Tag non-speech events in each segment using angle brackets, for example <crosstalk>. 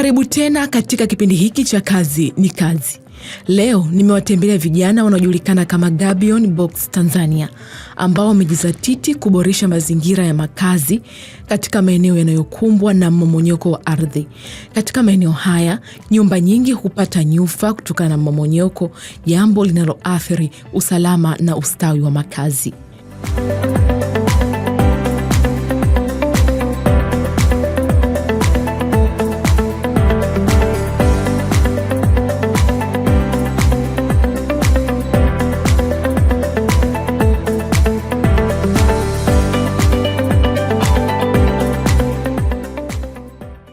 Karibu tena katika kipindi hiki cha Kazi ni Kazi. Leo nimewatembelea vijana wanaojulikana kama Gabion Box Tanzania ambao wamejizatiti kuboresha mazingira ya makazi katika maeneo yanayokumbwa na mmomonyoko wa ardhi. Katika maeneo haya, nyumba nyingi hupata nyufa kutokana na mmomonyoko, jambo linaloathiri usalama na ustawi wa makazi.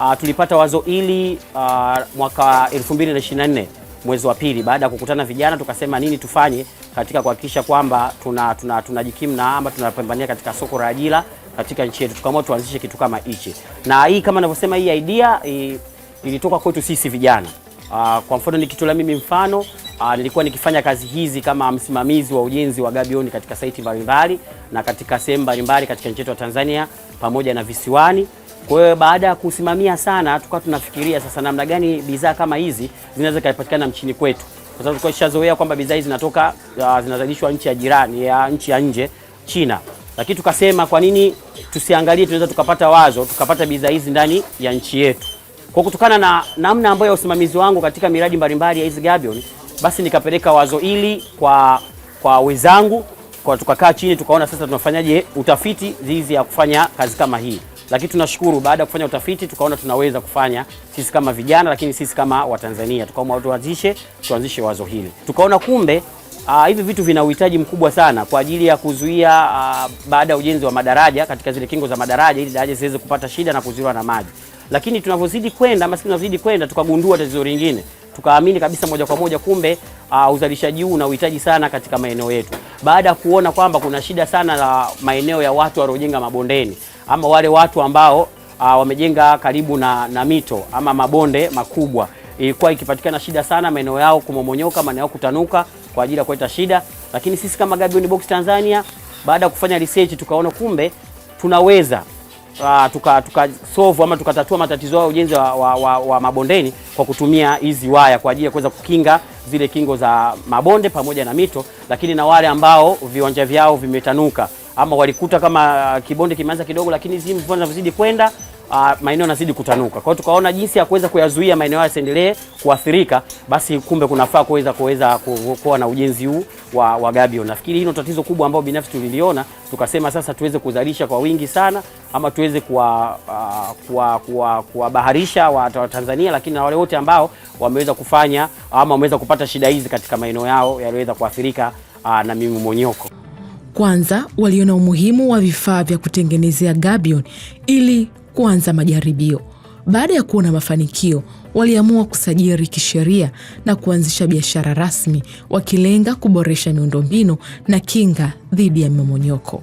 Uh, tulipata wazo hili uh, mwaka 2024 mwezi wa pili, baada ya kukutana vijana, tukasema nini tufanye katika kuhakikisha kwamba tunajikimu tuna tuna na ama tunapambania katika soko la ajira katika nchi yetu, tukaamua tuanzishe kitu kama hichi, na hii kama ninavyosema, hii idea hii, ilitoka kwetu sisi vijana uh, kwa mfano nikitolea mimi mfano uh, nilikuwa nikifanya kazi hizi kama msimamizi wa ujenzi wa gabioni katika saiti mbalimbali na katika sehemu mbalimbali katika nchi yetu ya Tanzania pamoja na visiwani kwa hiyo baada ya kusimamia sana, tukawa tunafikiria sasa namna gani bidhaa kama hizi zinaweza kupatikana mchini kwetu, kwa sababu tulikuwa tushazoea kwamba bidhaa hizi zinatoka uh, zinazalishwa nchi ya jirani ya nchi ya nje China, lakini tukasema kwa nini tusiangalie, tunaweza tukapata wazo tukapata bidhaa hizi ndani ya nchi yetu. Kwa kutokana na namna ambayo ya usimamizi wangu katika miradi mbalimbali ya hizi Gabion, basi nikapeleka wazo hili kwa kwa wenzangu, kwa tukakaa chini tukaona sasa tunafanyaje utafiti hizi ya kufanya kazi kama hii lakini tunashukuru baada ya kufanya utafiti tukaona tunaweza kufanya sisi kama vijana, lakini sisi kama Watanzania tukaona tuanzishe tuanzishe wazo hili, tukaona kumbe Uh, hivi vitu vina uhitaji mkubwa sana kwa ajili ya kuzuia uh, baada ya ujenzi wa madaraja katika zile kingo za madaraja ili daraja ziweze kupata shida na kuziwa na maji, lakini tunavyozidi kwenda masikini tunavyozidi kwenda tukagundua tatizo lingine tukaamini kabisa moja kwa moja kumbe uh, uzalishaji huu unauhitaji sana katika maeneo yetu, baada ya kuona kwamba kuna shida sana la maeneo ya watu waliojenga mabondeni ama wale watu ambao Uh, wamejenga karibu na, na mito ama mabonde makubwa. Ilikuwa ikipatikana shida sana maeneo yao kumomonyoka, maeneo yao kutanuka kwa ajili ya kuleta shida, lakini sisi kama Gabion Box Tanzania, baada ya kufanya research, tukaona kumbe tunaweza Ah, tukasovu ama tukatatua matatizo ya ujenzi wa, wa, wa, wa mabondeni kwa kutumia hizi waya kwa ajili ya kuweza kukinga zile kingo za mabonde pamoja na mito, lakini na wale ambao viwanja vyao vimetanuka ama walikuta kama kibonde kimeanza kidogo, lakini hizi mvua kwenda uh, maeneo yanazidi kutanuka. Kwa hiyo tukaona jinsi ya kuweza kuyazuia maeneo hayo yasiendelee kuathirika, basi kumbe kunafaa kuweza kuweza kuwa na ujenzi huu wa, wa gabio. Nafikiri hilo tatizo kubwa ambao binafsi tuliliona, tukasema sasa tuweze kuzalisha kwa wingi sana, ama tuweze kuwabaharisha uh, kuwa, kuwa Tanzania, lakini na wale wote ambao wameweza kufanya ama wameweza kupata shida hizi katika maeneo yao yaliweza kuathirika uh, na mimomonyoko. Kwanza waliona umuhimu wa vifaa vya kutengenezea gabion ili kuanza majaribio. Baada ya kuona mafanikio, waliamua kusajiri kisheria na kuanzisha biashara rasmi, wakilenga kuboresha miundombinu na kinga dhidi ya mmomonyoko.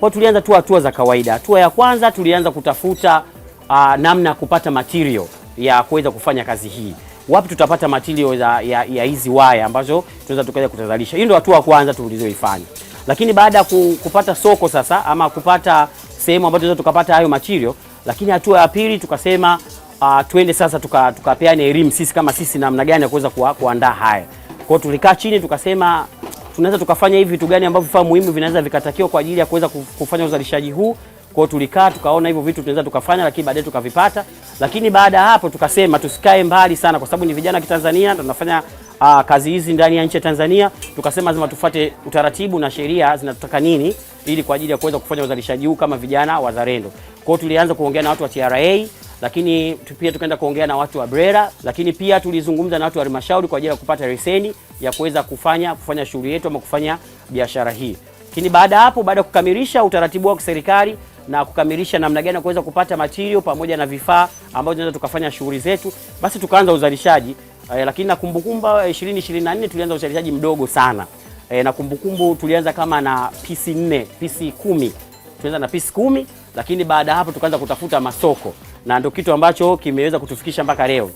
Kwa tulianza tu hatua za kawaida. Hatua ya kwanza tulianza kutafuta uh, namna ya kupata material ya kuweza kufanya kazi hii. Wapi tutapata material ya hizi waya ambazo tunaweza tukaweza kutazalisha? Hii ndio hatua ya kwanza tulizoifanya, lakini baada ya kupata soko sasa ama kupata sehemu ambayo tunaweza tukapata hayo material, lakini hatua ya pili tukasema uh, twende sasa tukapeane tuka elimu sisi kama sisi namna gani ya kuweza kuandaa haya. Kwa hiyo tulikaa chini tukasema tunaweza tukafanya hivi vitu gani ambavyo vifaa muhimu vinaweza vikatakiwa kwa ajili ya kuweza kufanya uzalishaji huu. Kwa hiyo tulikaa tukaona hivyo vitu tunaweza tukafanya, lakini baadaye tukavipata. Lakini baada ya hapo tukasema tusikae mbali sana, kwa sababu ni vijana wa Kitanzania tunafanya aa, ah, kazi hizi ndani ya nchi ya Tanzania, tukasema lazima tufuate utaratibu na sheria zinatutaka nini, ili kwa ajili ya kuweza kufanya uzalishaji huu kama vijana wazalendo. Kwa hiyo tulianza kuongea na watu wa TRA, lakini pia tukaenda kuongea na watu wa BRELA, lakini pia tulizungumza na watu wa halmashauri kwa ajili ya kupata leseni ya kuweza kufanya kufanya shughuli yetu ama kufanya biashara hii. Lakini baada hapo, baada ya kukamilisha utaratibu wa serikali na kukamilisha namna gani kuweza kupata material pamoja na vifaa ambavyo tunaweza tukafanya shughuli zetu, basi tukaanza uzalishaji e, lakini na Kumbukumba eh, 2024 tulianza uzalishaji mdogo sana e, na Kumbukumbu tulianza kama na PC 4 PC 10 tulianza na PC 10 lakini baada hapo tukaanza kutafuta masoko na ndio kitu ambacho kimeweza kutufikisha mpaka leo.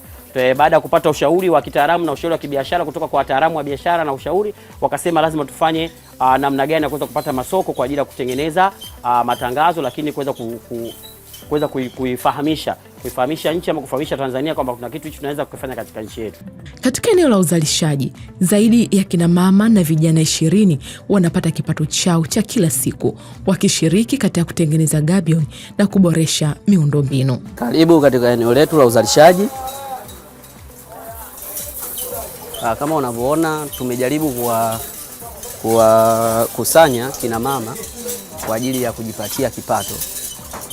Baada ya kupata ushauri wa kitaalamu na ushauri wa kibiashara kutoka kwa wataalamu wa biashara na ushauri, wakasema lazima tufanye ah, namna gani ya kuweza kupata masoko kwa ajili ya kutengeneza aa, ah, matangazo lakini kuweza ku, ku, kuweza kuifahamisha kuifahamisha nchi ama kufahamisha Tanzania kwamba kuna kitu hichi tunaweza kukifanya katika nchi yetu. Katika eneo la uzalishaji, zaidi ya kina mama na vijana ishirini wanapata kipato chao cha kila siku wakishiriki katika kutengeneza gabion na kuboresha miundombinu. Karibu katika eneo letu la uzalishaji. Ah, kama unavyoona tumejaribu kuwa kuwakusanya kina mama kwa ajili ya kujipatia kipato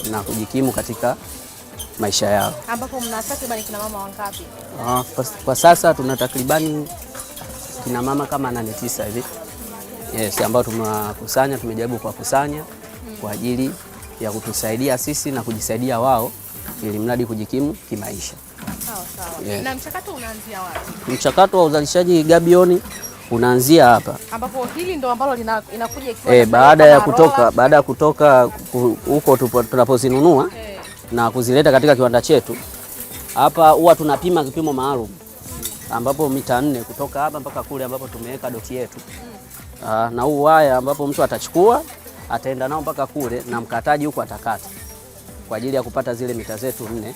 na kujikimu katika maisha yao. Ambapo mna takribani kina mama wangapi? Ah, kwa, kwa sasa tuna takribani kina mama kama nane tisa hivi yes, ambao tumewakusanya, tumejaribu kuwakusanya kwa ajili ya kutusaidia sisi na kujisaidia wao ili mradi kujikimu kimaisha. Sawa sawa. Yes. Na mchakato unaanzia wapi? Mchakato wa uzalishaji gabioni unaanzia hapa ambapo hili ndo ambalo linakuja ikiwa eh, baada ya kutoka baada ya kutoka huko tunapozinunua eh. na kuzileta katika kiwanda chetu hapa, huwa tunapima kipimo maalum ambapo mita nne kutoka hapa mpaka kule ambapo tumeweka doti yetu hmm. Aa, ah, na huu waya ambapo mtu atachukua ataenda nao mpaka kule na mkataji huko atakata kwa ajili ya kupata zile mita zetu nne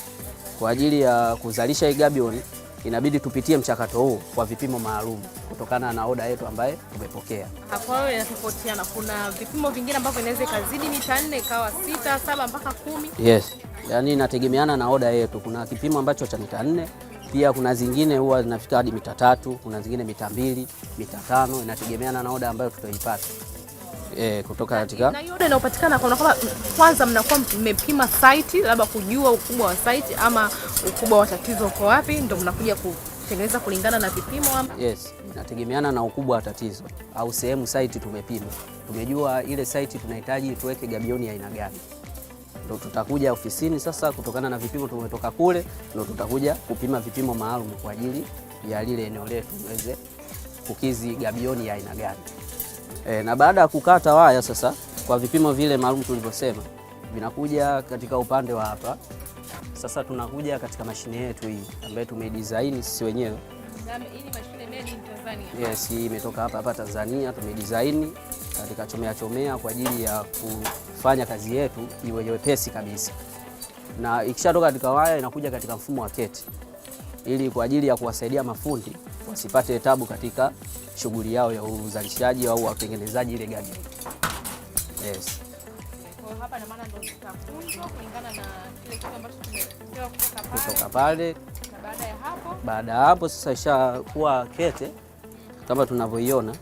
kwa ajili ya kuzalisha igabioni inabidi tupitie mchakato huu kwa vipimo maalum kutokana na oda yetu ambaye tumepokea. Kwa hiyo inatofautiana, kuna vipimo vingine ambavyo inaweza ikazidi mita nne ikawa sita saba mpaka kumi. Yes, yaani inategemeana na oda yetu. Kuna kipimo ambacho cha mita nne pia kuna zingine huwa zinafika hadi mita tatu, kuna zingine mita mbili, mita tano, inategemeana na oda ambayo tutaipata eh, kutoka katika na yote inayopatikana kwa kwamba kwanza mnakuwa mmepima site, labda kujua ukubwa wa site ama ukubwa wa tatizo uko wapi, ndio mnakuja kutengeneza kulingana na vipimo ama yes, inategemeana na ukubwa wa tatizo au sehemu site tumepima, tumejua ile site tunahitaji tuweke gabioni aina gani ndo tutakuja ofisini sasa, kutokana na vipimo tumetoka kule, ndo tutakuja kupima vipimo maalum kwa ajili ya lile eneo letu, tuweze kukizi gabioni ya aina gani. E, na baada ya kukata waya sasa kwa vipimo vile maalum tulivyosema, vinakuja katika upande wa hapa. Sasa tunakuja katika mashine yetu hii ambayo tumedesign sisi wenyewe. Yes, hii imetoka hapa hapa Tanzania, tumedesign katika chomea chomea kwa ajili ya kufanya kazi yetu iwe nyepesi kabisa, na ikishatoka katika waya inakuja katika mfumo wa keti, ili kwa ajili ya kuwasaidia mafundi wasipate tabu katika shughuli yao ya uzalishaji au watengenezaji ile gadget. Yes. Kutoka pale baada ya hapo sasa ishakuwa kete kama tunavyoiona.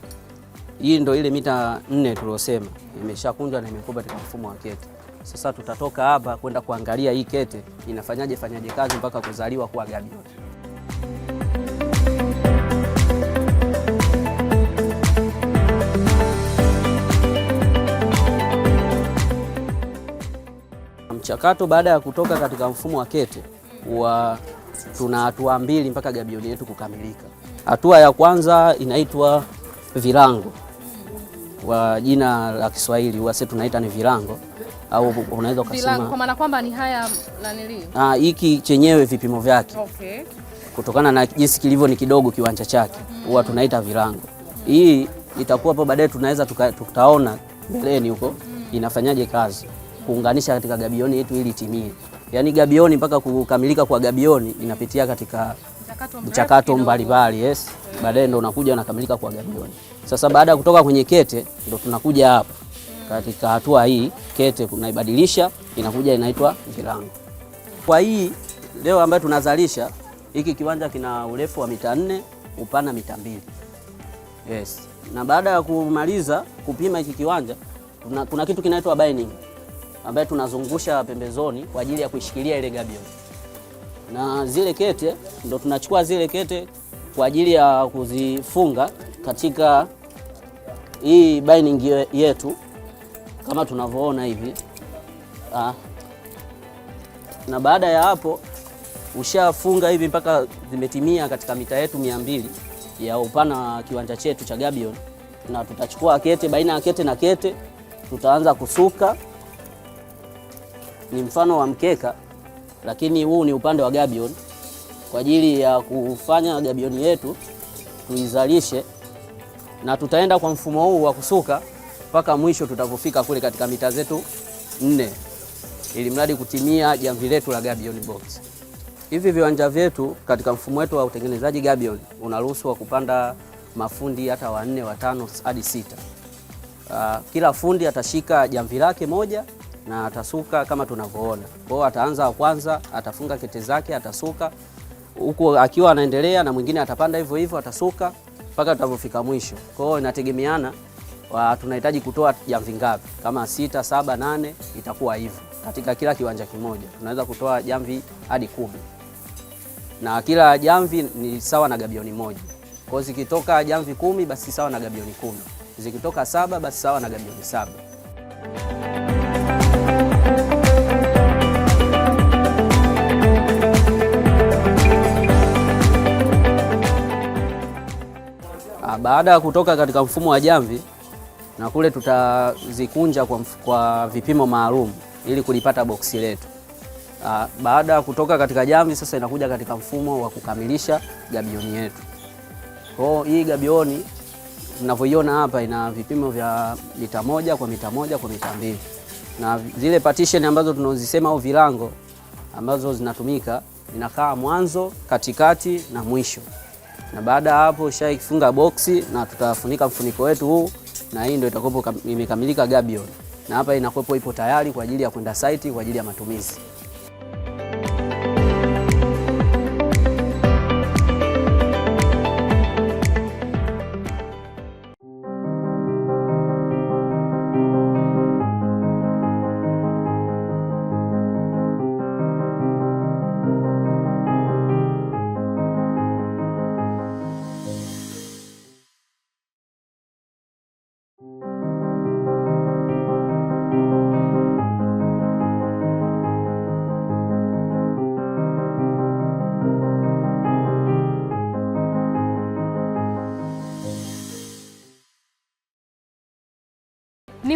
Hii ndio ile mita nne tuliosema imeshakunjwa na imekuwa katika mfumo wa kete. Sasa tutatoka hapa kwenda kuangalia hii kete inafanyaje fanyaje kazi mpaka kuzaliwa kuwa gabioti. Mchakato baada ya kutoka katika mfumo wa kete wa tuna hatua mbili mpaka gabioni yetu kukamilika. Hatua ya kwanza inaitwa virango, kwa jina la Kiswahili huwa sisi tunaita ni virango au unaweza ukasema kwa maana kwamba ni haya ah, hiki chenyewe vipimo vyake okay. Kutokana na jinsi kilivyo ni kidogo kiwanja chake huwa hmm. tunaita virango. Hii itakuwa hapo baadaye tunaweza tutaona mbeleni huko inafanyaje kazi kuunganisha katika gabioni yetu ili itimie. Yaani gabioni mpaka kukamilika kwa gabioni inapitia katika mchakato mbalimbali, yes. Baadaye ndo unakuja unakamilika kwa gabioni. Sasa baada ya kutoka kwenye kete ndo tunakuja hapa katika hatua hii kete kunaibadilisha inakuja inaitwa vilango. Kwa hii leo ambayo tunazalisha hiki kiwanja kina urefu wa mita nne, upana mita mbili. Yes. Na baada ya kumaliza kupima hiki kiwanja kuna, kuna kitu kinaitwa binding ambaye tunazungusha pembezoni kwa ajili ya kuishikilia ile gabion, na zile kete ndo tunachukua zile kete kwa ajili ya kuzifunga katika hii binding yetu kama tunavyoona hivi ah. Na baada ya hapo ushafunga hivi mpaka zimetimia katika mita yetu mia mbili ya upana wa kiwanja chetu cha gabion, na tutachukua kete baina ya kete na kete tutaanza kusuka ni mfano wa mkeka, lakini huu ni upande wa gabion kwa ajili ya kufanya gabioni yetu tuizalishe, na tutaenda kwa mfumo huu wa kusuka mpaka mwisho tutakufika kule katika mita zetu nne, ili mradi kutimia jamvi letu la gabion box. Hivi viwanja vyetu katika mfumo wetu wa utengenezaji gabion unaruhusu wa kupanda mafundi hata wanne, watano hadi sita. Ah, kila fundi atashika jamvi lake moja na atasuka kama tunavyoona. Kwa hiyo ataanza wa kwanza, atafunga kete zake, atasuka huku akiwa anaendelea, na mwingine atapanda hivyo hivyo, atasuka mpaka tutapofika mwisho. Kwa hiyo inategemeana tunahitaji kutoa jamvi ngapi, kama sita, saba, nane, itakuwa hivyo katika kila kiwanja kimoja. Tunaweza kutoa jamvi hadi kumi na kila jamvi ni sawa na gabioni moja. Kwa hiyo zikitoka jamvi kumi basi sawa na gabioni kumi, zikitoka saba basi sawa na gabioni saba. baada ya kutoka katika mfumo wa jamvi na kule tutazikunja kwa, kwa vipimo maalum ili kulipata boksi letu. Ah, baada ya kutoka katika jamvi sasa inakuja katika mfumo wa kukamilisha gabioni yetu. Kwa hii gabioni mnavyoiona hapa ina vipimo vya mita moja kwa mita moja kwa mita mbili na zile partition ambazo tunazisema au vilango ambazo zinatumika inakaa mwanzo, katikati na mwisho na baada ya hapo ushaifunga boksi na tutafunika mfuniko wetu huu, na hii ndio itakuwa imekamilika gabion, na hapa inakuwa ipo tayari kwa ajili ya kwenda site kwa ajili ya matumizi.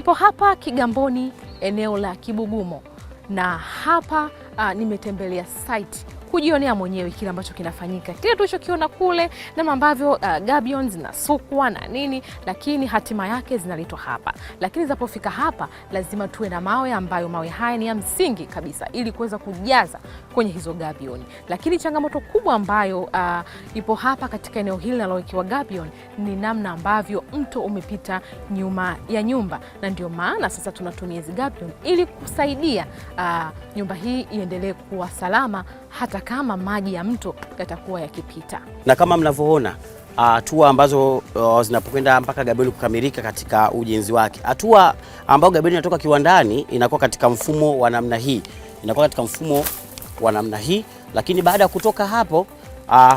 Nipo hapa Kigamboni, eneo la Kibugumo, na hapa uh, nimetembelea site kujionea mwenyewe kile ambacho kinafanyika, kile tulichokiona kule, namna ambavyo uh, gabion zinasukwa na nini, lakini hatima yake zinaletwa hapa. Lakini zinapofika hapa, lazima tuwe na mawe ambayo mawe haya ni ya msingi kabisa, ili kuweza kujaza kwenye hizo gabion. Lakini changamoto kubwa ambayo uh, ipo hapa katika eneo hili linalowekewa gabion ni namna ambavyo mto umepita nyuma ya nyumba, na ndio maana sasa tunatumia hizi gabion ili kusaidia uh, nyumba hii iendelee kuwa salama hata kama maji ya mto yatakuwa yakipita. Na kama mnavyoona ah, hatua ambazo uh, zinapokwenda mpaka Gabioni kukamilika katika ujenzi wake, hatua ambayo Gabioni inatoka kiwandani inakuwa katika mfumo wa namna hii, inakuwa katika mfumo wa namna hii. Lakini baada ya kutoka hapo uh,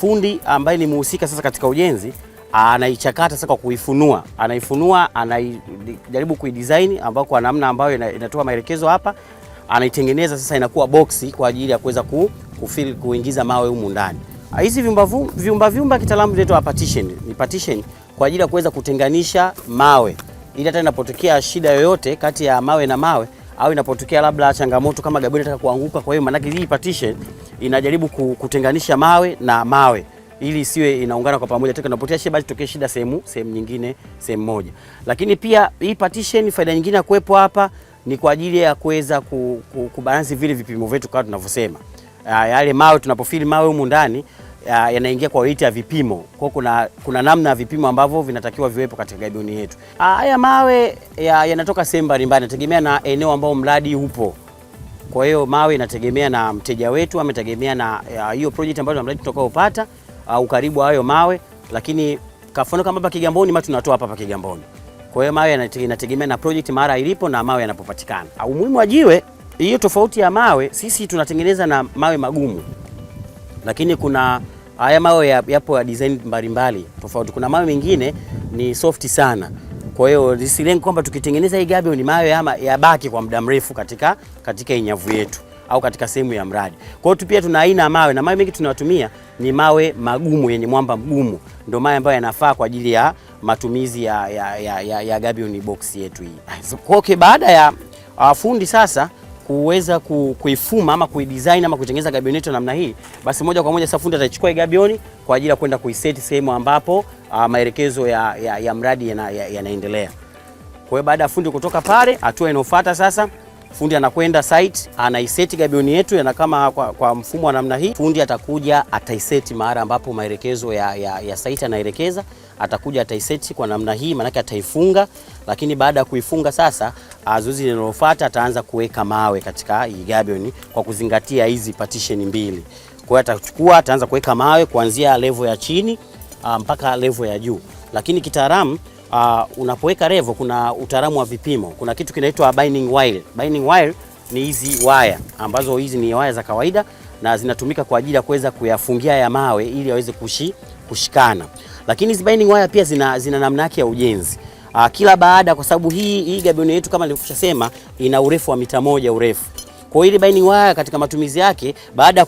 fundi ambaye ni mhusika sasa katika ujenzi anaichakata sasa kwa kuifunua, anaifunua, anajaribu kuidesign ambayo kwa namna ambayo inatoa maelekezo hapa, anaitengeneza sasa, inakuwa boksi kwa ajili ya kuweza kufili kuingiza mawe humu ndani. Ah, hizi vyumba vyumba vyumba kitaalamu vinaitwa partition, ni partition kwa ajili ya kuweza kutenganisha mawe ili hata inapotokea shida yoyote kati ya mawe na mawe au inapotokea labda changamoto kama Gabriel anataka kuanguka. Kwa hiyo maanake hii partition inajaribu kutenganisha mawe na mawe ili siwe inaungana kwa pamoja, tena tunapotea shida basi tokee shida sehemu sehemu nyingine sehemu moja. Lakini pia hii partition, faida nyingine ya kuwepo hapa ni kwa ajili ya kuweza kubalansi vile vipimo vyetu kama tunavyosema. Ah, yale mawe tunapofili mawe humu ndani yanaingia kwa witi ya vipimo. Kwa kuna, kuna namna ya vipimo ambavyo vinatakiwa viwepo katika gabioni yetu. Ah, haya mawe yanatoka ya sehemu mbalimbali, inategemea na eneo ambao mradi upo. Kwa hiyo mawe inategemea na mteja wetu, ametegemea na hiyo project ambayo na mradi tutakaopata, au karibu hayo mawe, lakini kafono kama hapa Kigamboni, mawe tunatoa hapa Kigamboni. Kwa hiyo mawe yanategemea na project mara ilipo na mawe yanapopatikana. Ah, umuhimu wa jiwe hiyo tofauti ya mawe, sisi tunatengeneza na mawe magumu, lakini kuna haya mawe yapo ya design mbalimbali tofauti. Kuna mawe mengine ni soft sana, kwa hiyo zisilengi kwamba tukitengeneza hii gabion ni mawe ama yabaki kwa muda mrefu katika, katika inyavu yetu au katika sehemu ya mradi. Kwa hiyo pia tuna aina ya mawe na mawe mengi tunayotumia ni mawe magumu yenye mwamba mgumu, ndio mawe ambayo yanafaa kwa ajili ya matumizi ya, ya, ya, ya, ya gabion box yetu hii. <laughs> Okay, baada ya uh, fundi sasa kuweza kuifuma ama kuidesign ama kutengeneza gabioni yetu namna hii, basi moja kwa moja sasa fundi atachukua gabioni kwa ajili ya kwenda kuiseti sehemu ambapo uh, maelekezo ya, ya, ya mradi yanaendelea ya kwa hiyo baada ya fundi kutoka pale, hatua inayofuata sasa, fundi anakwenda site, anaiseti gabioni yetu yana kama kwa, kwa mfumo wa namna hii. Fundi atakuja ataiseti mahali ambapo maelekezo ya, ya, ya site anaelekeza atakuja ataiseti kwa namna hii, maanake ataifunga. Lakini baada ya kuifunga sasa, ah, zoezi linalofuata ataanza kuweka mawe katika hii gabion kwa kuzingatia hizi partition mbili. Kwa hiyo atachukua, ataanza kuweka mawe kuanzia levo ya chini ah, mpaka levo ya juu, lakini kitaalamu Uh, unapoweka revo kuna utaalamu wa vipimo. Kuna kitu kinaitwa binding wire. Binding wire ni hizi waya ambazo hizi ni waya za kawaida na zinatumika kwa ajili ya kuweza kuyafungia ya mawe ili yaweze kushi, kushikana. Lakini hizi binding wire pia zina, zina namna yake ya ujenzi uh, kila baada, kwa sababu hii hii gabioni yetu kama nilivyokushasema ina urefu wa mita moja urefu kwa ile binding wire katika matumizi yake, baada ya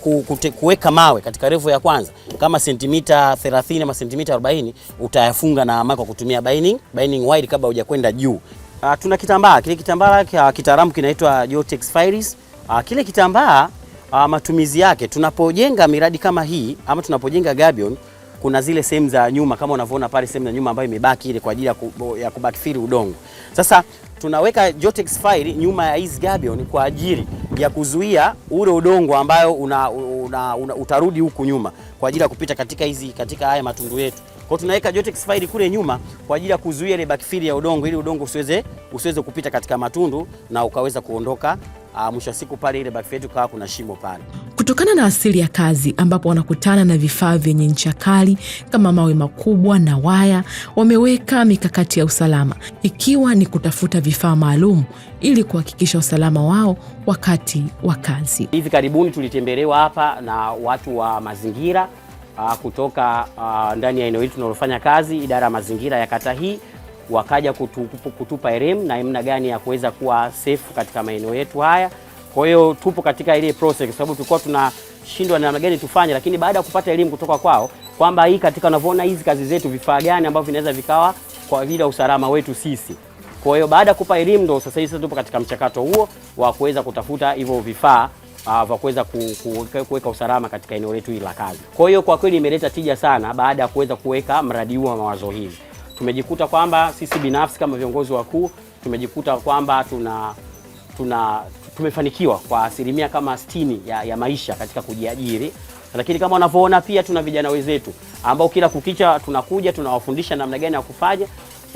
kuweka mawe katika refu ya kwanza kama sentimita 30 ama sentimita 40, utayafunga na mawe kwa kutumia binding, binding wire kabla hujakwenda juu. Uh, tuna kitambaa kile kitambaa uh, kitaalamu kinaitwa Geotex Files. Uh, kile kitambaa uh, matumizi yake tunapojenga miradi kama hii ama tunapojenga gabion kuna zile sehemu za nyuma kama unavyoona pale, sehemu za nyuma ambayo imebaki ile kwa ajili ya kubackfill udongo. Sasa tunaweka Jotex file nyuma ya hizi gabion kwa ajili ya kuzuia ule udongo ambayo una, una, una, utarudi huku nyuma kwa ajili ya kupita katika hizi katika haya matundu yetu. Kwa tunaweka Jotex file kule nyuma kwa ajili ya kuzuia ile backfill ya udongo ili udongo usiweze usiweze kupita katika matundu na ukaweza kuondoka ah, mwisho wa siku pale ile backfill yetu kawa kuna shimo pale. Kutokana na asili ya kazi ambapo wanakutana na vifaa vyenye ncha kali kama mawe makubwa na waya, wameweka mikakati ya usalama ikiwa ni kutafuta vifaa maalum ili kuhakikisha usalama wao wakati wa kazi. Hivi karibuni tulitembelewa hapa na watu wa mazingira uh, kutoka uh, ndani ya eneo hili tunalofanya kazi, idara ya mazingira ya kata hii wakaja kutupa elimu na namna gani ya kuweza kuwa safe katika maeneo yetu haya. Kwa hiyo tupo katika ile process, kwa sababu tulikuwa tunashindwa namna gani tufanye, lakini baada ya kupata elimu kutoka kwao kwamba hii katika unavyoona hizi kazi zetu, vifaa gani ambavyo vinaweza vikawa kwa ajili ya usalama wetu sisi. Kwa hiyo baada ya kupa elimu ndo sasa hivi tupo katika mchakato huo wa kuweza kutafuta hivyo vifaa uh, vya kuweza kuweka usalama katika eneo letu hili la kazi. Kwa hiyo kwa kweli imeleta tija sana baada ya kuweza kuweka mradi huu wa mawazo hili. Tumejikuta kwamba sisi binafsi kama viongozi wakuu tumejikuta kwamba tuna tuna tumefanikiwa kwa asilimia kama 60 ya, ya maisha katika kujiajiri, lakini kama unavyoona pia tuna vijana wenzetu ambao kila kukicha tunakuja tunawafundisha namna gani ya kufanya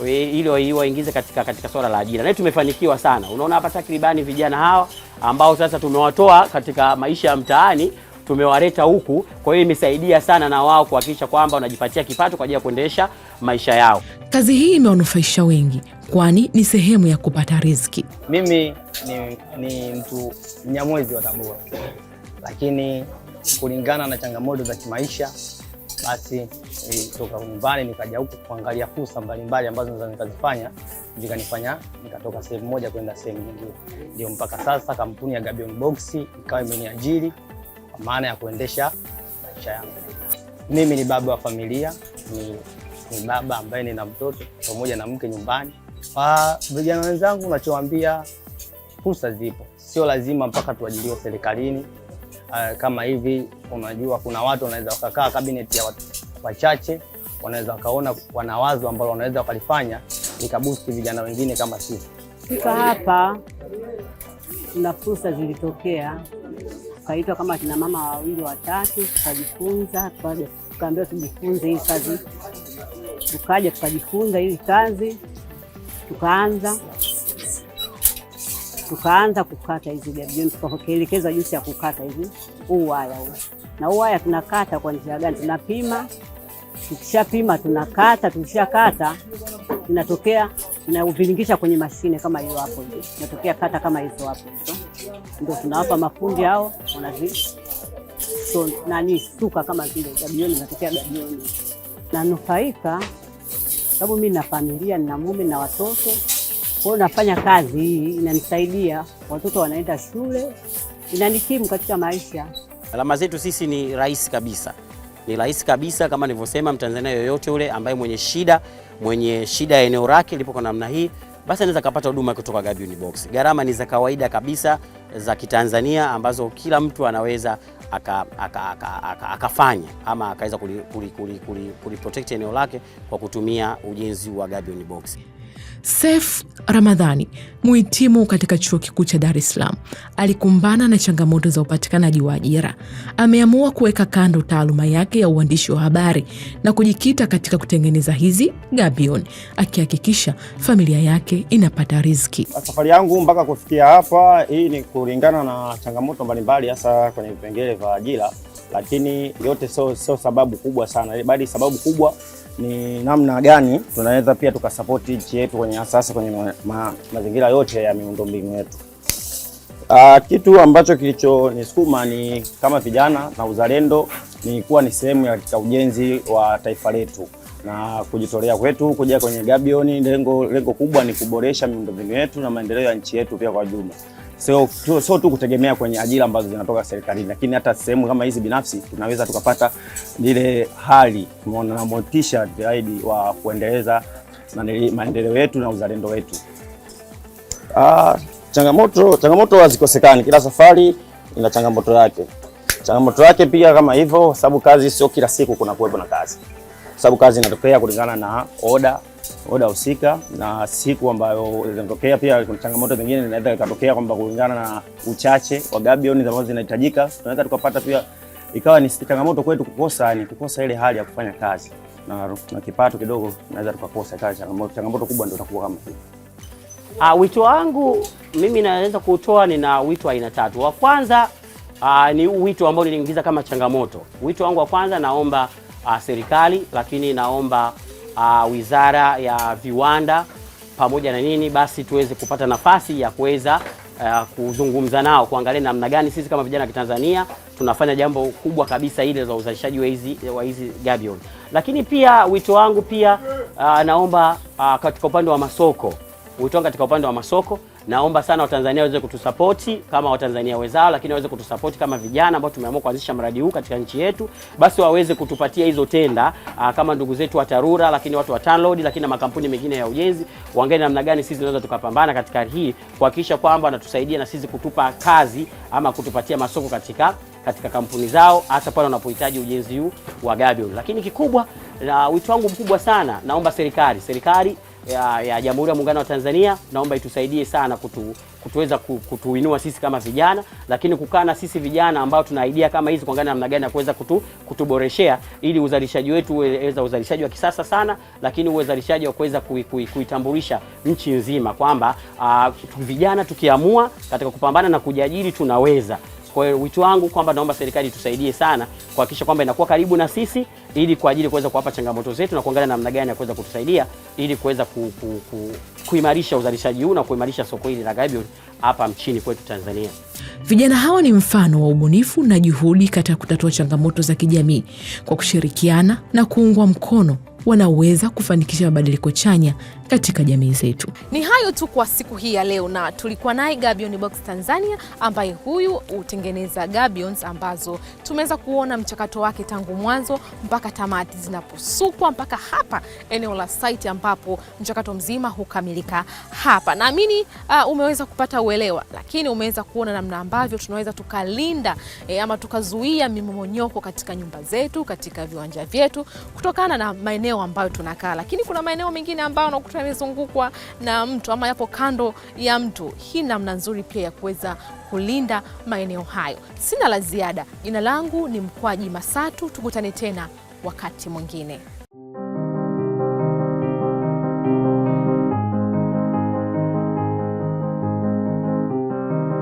e, ili waingize katika, katika swala la ajira, na tumefanikiwa sana. Unaona hapa takribani vijana hawa ambao sasa tumewatoa katika maisha ya mtaani tumewaleta huku. Kwa hiyo imesaidia sana na wao kuhakikisha kwamba wanajipatia kipato kwa ajili ya kuendesha maisha yao. Kazi hii imewanufaisha wengi, kwani ni sehemu ya kupata riziki. Mimi ni, ni mtu Mnyamwezi wa Tabora, lakini kulingana na changamoto za kimaisha basi nilitoka nyumbani nikaja huku kuangalia fursa mbalimbali ambazo naweza nikazifanya, zikanifanya nikatoka sehemu moja kwenda sehemu nyingine. Ndio mpaka sasa kampuni ya Gabion Box ikawa imeniajiri kwa maana ya kuendesha maisha yangu. Mimi ni baba wa familia, ni, ni baba ambaye nina mtoto pamoja na mke nyumbani. Kwa vijana wenzangu, nachowaambia fursa zipo, sio lazima mpaka tuajiliwe serikalini. Uh, kama hivi unajua, kuna watu wanaweza wakakaa kabineti ya watu wachache, wanaweza wakaona wana wazo ambalo wanaweza wakalifanya likabusti vijana wengine kama sisi. Fika hapa, kuna fursa zilitokea tukaitwa kama kina mama wawili watatu, tukajifunza, tukaambiwa tujifunze hii kazi, tukaja tukajifunza hii kazi, tukaanza tukaanza kukata hizi gabioni, tukaelekezwa jinsi ya kukata hizi huu waya huu. Na huu waya tunakata kwa njia gani? Tunapima, tukishapima tunakata, tukishakata inatokea uviringisha kwenye mashine kama hiyo hapo hiyo, inatokea kata kama hizo hapo hizo, ndio tunawapa mafundi hao, wanazi so, nani suka kama vile gabioni, inatokea gabioni na nufaika, sababu mimi na familia, nina mume na watoto, kwa hiyo nafanya kazi hii inanisaidia, watoto wanaenda shule, inanikimu katika maisha. Alama zetu sisi ni rahisi kabisa, ni rahisi kabisa, kama nilivyosema, Mtanzania yoyote ule ambaye mwenye shida mwenye shida ya eneo lake lipo kwa namna hii, basi anaweza kupata huduma kutoka Gabi Unibox. Gharama ni za kawaida kabisa za Kitanzania ambazo kila mtu anaweza akafanya aka, aka, aka, aka ama akaweza kuliprotect eneo lake kwa kutumia ujenzi wa Gabi Unibox sef Ramadhani, muhitimu katika chuo kikuu cha Dar es Salaam, alikumbana na changamoto za upatikanaji wa ajira. Ameamua kuweka kando taaluma yake ya uandishi wa habari na kujikita katika kutengeneza hizi gabion, akihakikisha familia yake inapata riziki. Safari yangu mpaka kufikia hapa, hii ni kulingana na changamoto mbalimbali, hasa kwenye vipengele vya ajira, lakini yote sio so sababu kubwa sana, bali sababu kubwa ni namna gani tunaweza pia tukasapoti nchi yetu kwenye asasi kwenye ma, ma, mazingira yote ya miundombinu yetu. Uh, kitu ambacho kilichonisukuma ni kama vijana na uzalendo ni kuwa ni sehemu katika ujenzi wa taifa letu na kujitolea kwetu kuja kwenye gabioni Lengo lengo kubwa ni kuboresha miundombinu yetu na maendeleo ya nchi yetu pia kwa jumla sio so, so tu kutegemea kwenye ajira ambazo zinatoka serikalini, lakini hata sehemu kama hizi binafsi tunaweza tukapata ile hali na motisha zaidi wa kuendeleza maendeleo yetu na uzalendo wetu. Ah, changamoto changamoto hazikosekani, kila safari ina changamoto yake changamoto yake pia kama hivyo, sababu kazi sio kila siku kuna kuwepo na kazi, sababu kazi inatokea kulingana na oda oda husika na siku ambayo zinatokea. Pia kuna changamoto zingine zinaweza ikatokea kwamba kulingana na uchache wa gabioni ambazo zinahitajika, tunaweza tukapata pia ikawa ni changamoto kwetu kukosa, ni kukosa ile hali ya kufanya kazi na, na kipato kidogo tunaweza tukakosa. Ikawa changamoto, changamoto kubwa ndio itakuwa kama hiyo. Ah, wito wangu mimi naweza kutoa, nina wito aina tatu. Wa kwanza ah, ni wito ambao niliingiza kama changamoto. Wito wangu wa kwanza naomba ah, serikali lakini naomba uh, Wizara ya Viwanda pamoja na nini, basi tuweze kupata nafasi ya kuweza uh, kuzungumza nao kuangalia namna gani sisi kama vijana wa Kitanzania tunafanya jambo kubwa kabisa ile za uzalishaji wa hizi wa hizi gabion. Lakini pia wito wangu pia uh, naomba uh, katika upande wa masoko, wito wangu katika upande wa masoko Naomba sana Watanzania waweze kutusapoti kama Watanzania wezao, lakini waweze kutusapoti kama vijana ambao tumeamua kuanzisha mradi huu katika nchi yetu, basi waweze kutupatia hizo tenda aa, ah, kama ndugu zetu wa TARURA, lakini watu wa TANROADS, lakini na makampuni mengine ya ujenzi, waangalie namna gani sisi tunaweza tukapambana katika hii kuhakikisha kwamba wanatusaidia na sisi kutupa kazi ama kutupatia masoko katika katika kampuni zao hasa pale wanapohitaji ujenzi huu wa gabion. Lakini kikubwa na wito wangu mkubwa sana, naomba serikali serikali ya, ya Jamhuri ya Muungano wa Tanzania, naomba itusaidie sana kutu, kutuweza kutuinua sisi kama vijana, lakini kukaa na sisi vijana ambao tuna idea kama hizi, kuangalia namna gani ya kuweza kutu, kutuboreshea ili uzalishaji wetu uweza uzalishaji wa kisasa sana, lakini uzalishaji wa kuweza kuitambulisha nchi nzima kwamba ah, vijana tukiamua katika kupambana na kujiajiri tunaweza. Kwa hiyo wito wangu kwamba naomba serikali itusaidie sana kuhakikisha kwamba inakuwa karibu na sisi ili kwa ajili kuweza kuwapa changamoto zetu na kuangalia namna gani ya kuweza kutusaidia ili kuweza ku, ku, ku, kuimarisha uzalishaji huu na kuimarisha soko hili la gabion hapa mchini kwetu Tanzania. Vijana hawa ni mfano wa ubunifu na juhudi katika kutatua changamoto za kijamii kwa kushirikiana na kuungwa mkono wanaweza kufanikisha mabadiliko chanya katika jamii zetu. Ni hayo tu kwa siku hii ya leo, na tulikuwa naye Gabion Box Tanzania ambaye huyu hutengeneza gabions ambazo tumeweza kuona mchakato wake tangu mwanzo mpaka tamati zinaposukwa mpaka hapa eneo la site ambapo mchakato mzima hukamilika hapa. Naamini uh, umeweza kupata uelewa, lakini umeweza kuona namna ambavyo tunaweza tukalinda eh, ama tukazuia mimomonyoko katika nyumba zetu, katika viwanja vyetu kutokana na maeneo maeneo ambayo tunakaa, lakini kuna maeneo mengine ambayo unakuta yamezungukwa na mtu ama yapo kando ya mtu Hii namna nzuri pia ya kuweza kulinda maeneo hayo. Sina la ziada. Jina langu ni Mkwaji Masatu, tukutane tena wakati mwingine.